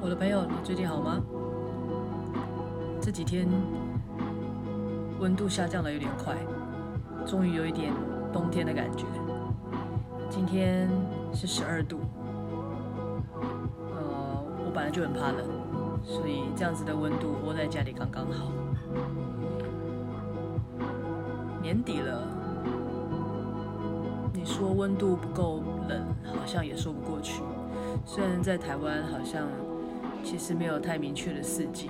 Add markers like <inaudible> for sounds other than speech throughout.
我的朋友，你最近好嗎？這幾天溫度下降得有點快，終於有一點冬天的感覺。今天是十二度，呃，我本來就很怕冷，所以這樣子的溫度窩在家裡剛剛好。年底了，你說溫度不夠冷，好像也說不過去。雖然在台灣，好像。其實沒有太明確的四季，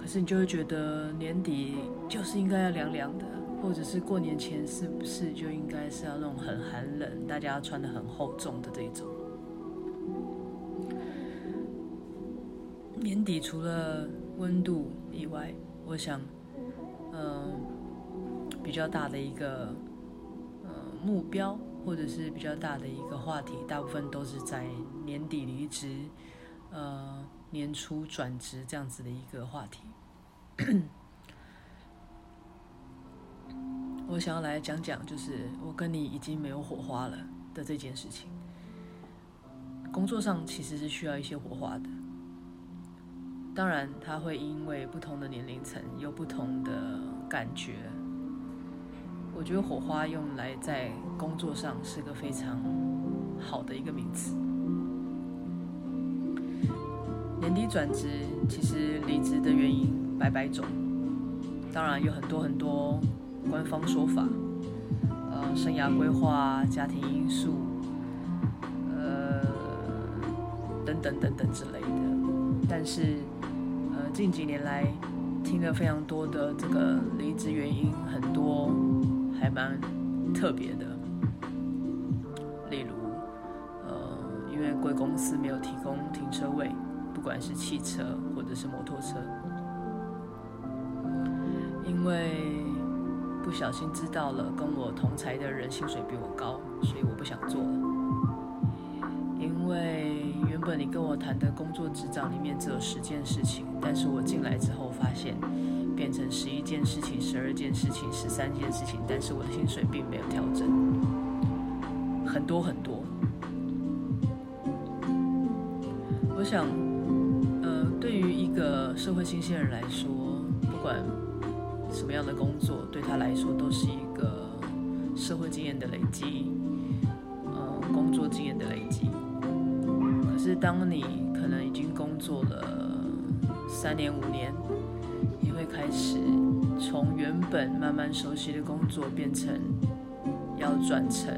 可是你就會覺得年底就是應該要涼涼的，或者是過年前是不是就應該是要那種很寒冷、大家穿得很厚重的這種？年底除了溫度以外，我想，嗯、呃，比較大的一個，嗯、呃，目標。或者是比較大的一個話題，大部分都是在年底離職，呃，年初轉職這樣子的一個話題。 <coughs> 我想要來講講，就是我跟你已經沒有火花了的這件事情。工作上其實是需要一些火花的，當然，它會因為不同的年齡層有不同的感覺。我覺得“火花”用來在工作上是個非常好的一個名詞。年底轉職，其實離職的原因百百種，當然有很多很多官方說法，呃，生涯規劃、家庭因素，呃，等等等等之類的。但是，呃，近幾年來，聽了非常多的這個離職原因，很多。還蠻特別的，例如，呃，因為貴公司沒有提供停車位，不管是汽車或者是摩托車。因為不小心知道了跟我同才的人薪水比我高，所以我不想做了。因為原本你跟我談的工作職掌裡面只有十件事情，但是我進來之後發現。變成十一件事情、十二件事情、十三件事情，但是我的薪水並沒有調整，很多很多。我想，呃，對於一個社會新鮮人來說，不管什麼樣的工作，對他來說都是一個社會經驗的累積，呃，工作經驗的累積。可是當你可能已經工作了三年、五年。你會開始從原本慢慢熟悉的工作，變成要轉成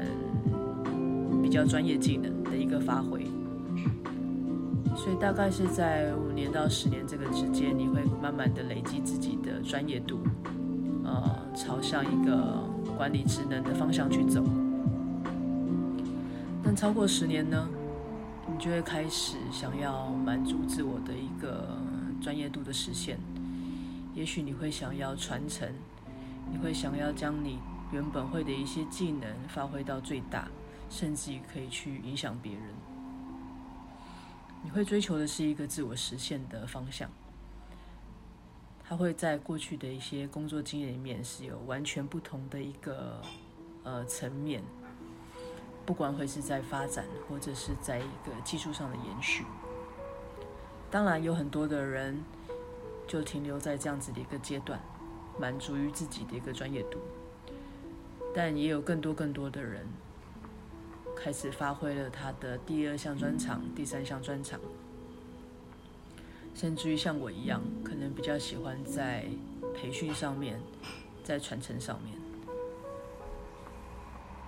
比較專業技能的一個發揮。所以大概是在五年到十年這個之間，你會慢慢的累積自己的專業度，呃，朝向一個管理職能的方向去走。但超過十年呢，你就會開始想要滿足自我的一個專業度的實現。也許你會想要傳承，你會想要將你原本會的一些技能發揮到最大，甚至於可以去影響別人。你會追求的是一個自我實現的方向，它會在過去的一些工作經驗裡面是有完全不同的一個呃層面，不管會是在發展，或者是在一個技術上的延續。當然有很多的人，就停留在這樣子的一個階段，滿足於自己的一個專業度，但也有更多更多的人開始發揮了他的第二項專長、第三項專長，甚至於像我一樣，可能比較喜歡在培訓上面，在傳承上面。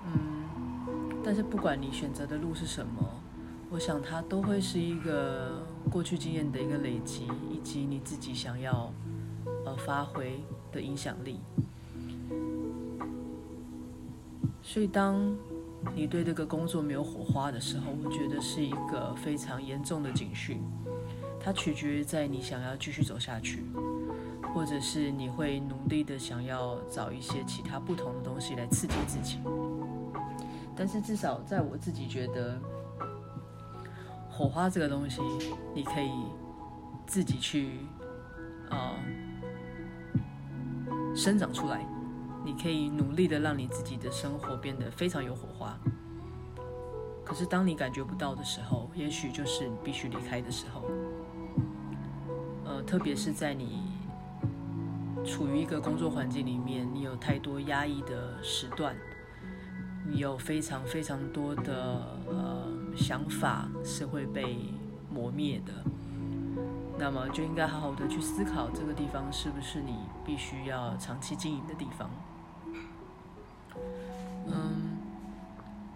嗯，但是不管你選擇的路是什麼。我想，它都會是一個過去經驗的一個累積，以及你自己想要呃發揮的影響力。所以，當你對這個工作沒有火花的時候，我覺得是一個非常嚴重的警訊。它取決於在你想要繼續走下去，或者是你會努力的想要找一些其他不同的東西來刺激自己。但是，至少在我自己覺得。火花這個東西，你可以自己去啊、呃、生長出來。你可以努力的讓你自己的生活變得非常有火花。可是當你感覺不到的時候，也許就是你必須離開的時候。呃，特別是在你處於一個工作環境裡面，你有太多壓抑的時段，你有非常非常多的呃。想法是會被磨滅的，那麼就應該好好的去思考這個地方是不是你必須要長期經營的地方。嗯，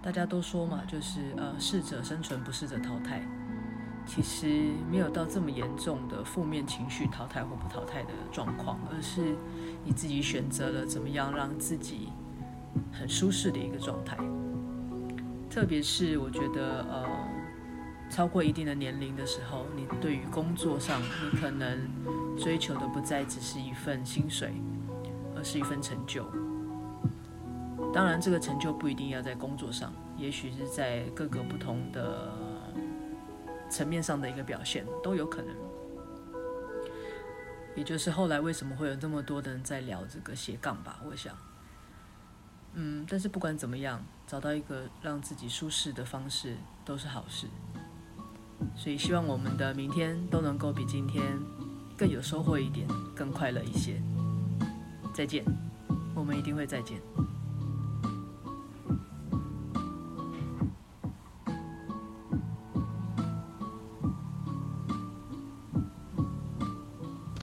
大家都說嘛，就是呃，適者生存，不適者淘汰。其實沒有到這麼嚴重的負面情緒，淘汰或不淘汰的狀況，而是你自己選擇了怎麼樣讓自己很舒適的一個狀態。特別是我覺得，呃，超過一定的年齡的時候，你對於工作上，你可能追求的不再只是一份薪水，而是一份成就。當然，這個成就不一定要在工作上，也許是在各個不同的層面上的一個表現都有可能。也就是後來為什麼會有那麼多的人在聊這個斜槓吧，我想。但是不管怎麼樣，找到一個讓自己舒適的方式都是好事。所以希望我們的明天都能夠比今天更有收穫一點，更快樂一些。再見，我們一定會再見。